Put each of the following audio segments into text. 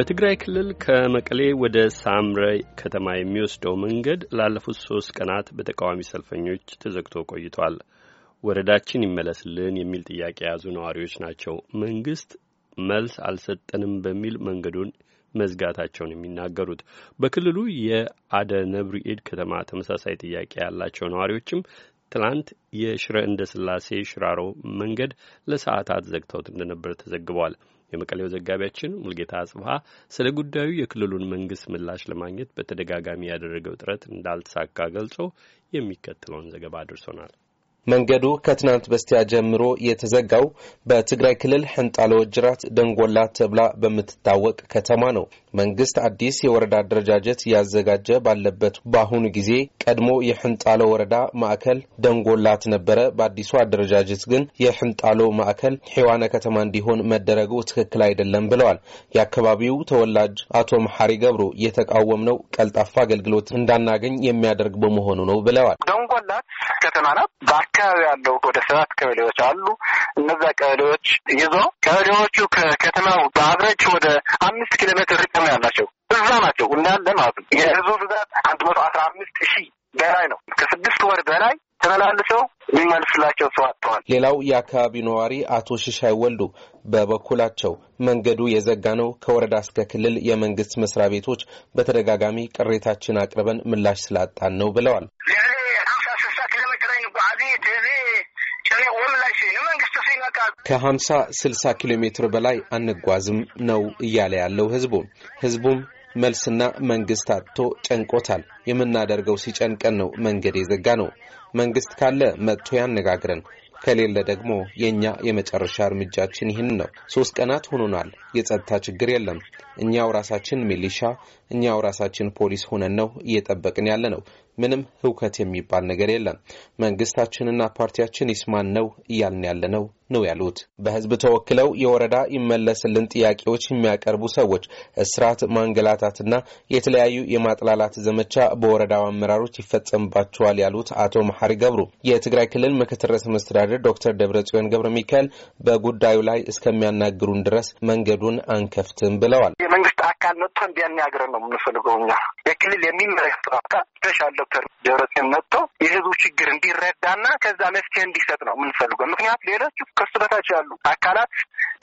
በትግራይ ክልል ከመቀሌ ወደ ሳምረ ከተማ የሚወስደው መንገድ ላለፉት ሶስት ቀናት በተቃዋሚ ሰልፈኞች ተዘግቶ ቆይቷል። ወረዳችን ይመለስልን የሚል ጥያቄ የያዙ ነዋሪዎች ናቸው መንግስት መልስ አልሰጠንም በሚል መንገዱን መዝጋታቸውን የሚናገሩት። በክልሉ የአደ ነብሩ ከተማ ተመሳሳይ ጥያቄ ያላቸው ነዋሪዎችም ትላንት የሽረ እንደ ስላሴ ሽራሮ መንገድ ለሰዓታት ዘግተውት እንደነበር ተዘግቧል። የመቀሌው ዘጋቢያችን ሙልጌታ አጽብሀ ስለ ጉዳዩ የክልሉን መንግስት ምላሽ ለማግኘት በተደጋጋሚ ያደረገው ጥረት እንዳልተሳካ ገልጾ የሚከተለውን ዘገባ አድርሶናል። መንገዱ ከትናንት በስቲያ ጀምሮ የተዘጋው በትግራይ ክልል ሕንጣሎ ጅራት ደንጎላ ተብላ በምትታወቅ ከተማ ነው። መንግስት አዲስ የወረዳ አደረጃጀት እያዘጋጀ ባለበት በአሁኑ ጊዜ ቀድሞ የሕንጣሎ ወረዳ ማዕከል ደንጎላት ነበረ። በአዲሱ አደረጃጀት ግን የሕንጣሎ ማዕከል ሔዋነ ከተማ እንዲሆን መደረጉ ትክክል አይደለም ብለዋል። የአካባቢው ተወላጅ አቶ መሐሪ ገብሩ የተቃወምነው ቀልጣፋ አገልግሎት እንዳናገኝ የሚያደርግ በመሆኑ ነው ብለዋል። ደንጎላት ከተማ ናት። በአካባቢ ያለው ወደ ሰባት ቀበሌዎች አሉ። እነዛ ቀበሌዎች ይዞ ቀበሌዎቹ ከከተማው በአብረጅ ወደ አምስት ኪሎ ሜትር ርቀት ነው ያላቸው። እዛ ናቸው እንዳለ ማለት ነው። የህዝቡ ብዛት አንድ መቶ አስራ አምስት ሺህ በላይ ነው። ከስድስት ወር በላይ ተመላልሰው የሚመልስላቸው ሰው አጥተዋል። ሌላው የአካባቢው ነዋሪ አቶ ሽሻይ ወልዱ በበኩላቸው መንገዱ የዘጋ ነው፣ ከወረዳ እስከ ክልል የመንግስት መስሪያ ቤቶች በተደጋጋሚ ቅሬታችን አቅርበን ምላሽ ስላጣን ነው ብለዋል። ከሀምሳ ስልሳ ኪሎ ሜትር በላይ አንጓዝም ነው እያለ ያለው ህዝቡ። ህዝቡም መልስና መንግስት አጥቶ ጨንቆታል። የምናደርገው ሲጨንቀን ነው መንገድ የዘጋ ነው። መንግስት ካለ መጥቶ ያነጋግረን ከሌለ ደግሞ የእኛ የመጨረሻ እርምጃችን ይህን ነው። ሶስት ቀናት ሆኖናል። የጸጥታ ችግር የለም። እኛው ራሳችን ሚሊሻ፣ እኛው ራሳችን ፖሊስ ሆነን ነው እየጠበቅን ያለ ነው። ምንም ህውከት የሚባል ነገር የለም። መንግስታችንና ፓርቲያችን ይስማን ነው እያልን ያለ ነው ነው ያሉት። በህዝብ ተወክለው የወረዳ ይመለስልን ጥያቄዎች የሚያቀርቡ ሰዎች እስራት፣ ማንገላታትና የተለያዩ የማጥላላት ዘመቻ በወረዳው አመራሮች ይፈጸምባቸዋል ያሉት አቶ መሐሪ ገብሩ የትግራይ ክልል ምክትል ርዕሰ መስተዳደር ዶክተር ደብረ ጽዮን ገብረ ሚካኤል በጉዳዩ ላይ እስከሚያናግሩን ድረስ መንገዱን አንከፍትም ብለዋል። የመንግስት አካል መጥቶ እንዲያናግረን ነው የምንፈልገው። እኛ የክልል የሚመለከተው አካል ስፔሻል ዶክተር ደብረጽዮን መጥቶ የህዝቡ ችግር እንዲረዳና ከዛ መፍትሄ እንዲሰጥ ነው የምንፈልገው። ምክንያቱ ሌሎቹ ከሱ በታች ያሉ አካላት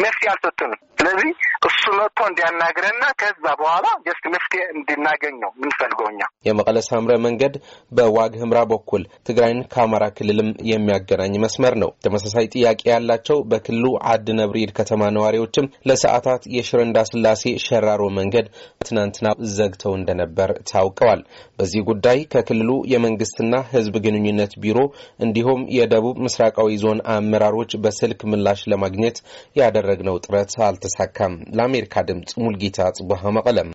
መፍትሄ አልሰጡንም። ስለዚህ እሱ መጥቶ እንዲያናግረንና ከዛ በኋላ ጀስት መፍትሄ እንድናገኝ ነው የምንፈልገው እኛ። የመቀለ ሳምረ መንገድ በዋግ ህምራ በኩል ትግራይን ከአማራ ክልልም የሚያገናኝ መስመር ነው። ተመሳሳይ ጥያቄ ያላቸው በክልሉ አድነብሪድ ከተማ ነዋሪዎችም ለሰዓታት የሽረ እንዳስላሴ ሸራሮ መንገድ ትናንትና ዘግተው እንደነበር ታውቀዋል። በዚህ ጉዳይ ከክልሉ የመንግስትና ህዝብ ግንኙነት ቢሮ እንዲሁም የደቡብ ምስራቃዊ ዞን አመራሮች በስልክ ምላሽ ለማግኘት ያደረግነው ጥረት አልተሳካም። ለአሜሪካ ድምፅ ሙልጌታ ጽቡሃ መቀለም